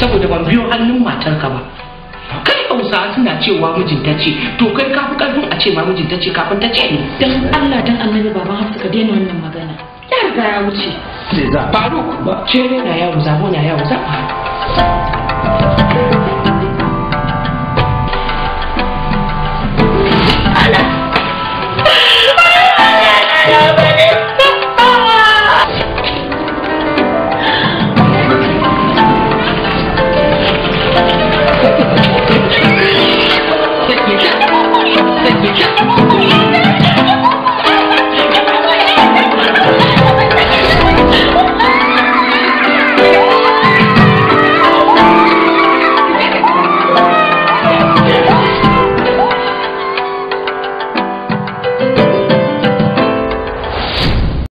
saboda ban biyo hannun matarka ba kai hausawa suna cewa mijinta ce to kai ka fi karfin a ce ma mijinta ce kafin ta ce dan Allah dan annabi baban Hafsa ka daina wannan magana ya riga ya wuce faruk ce na yawo zabo na yawo zabo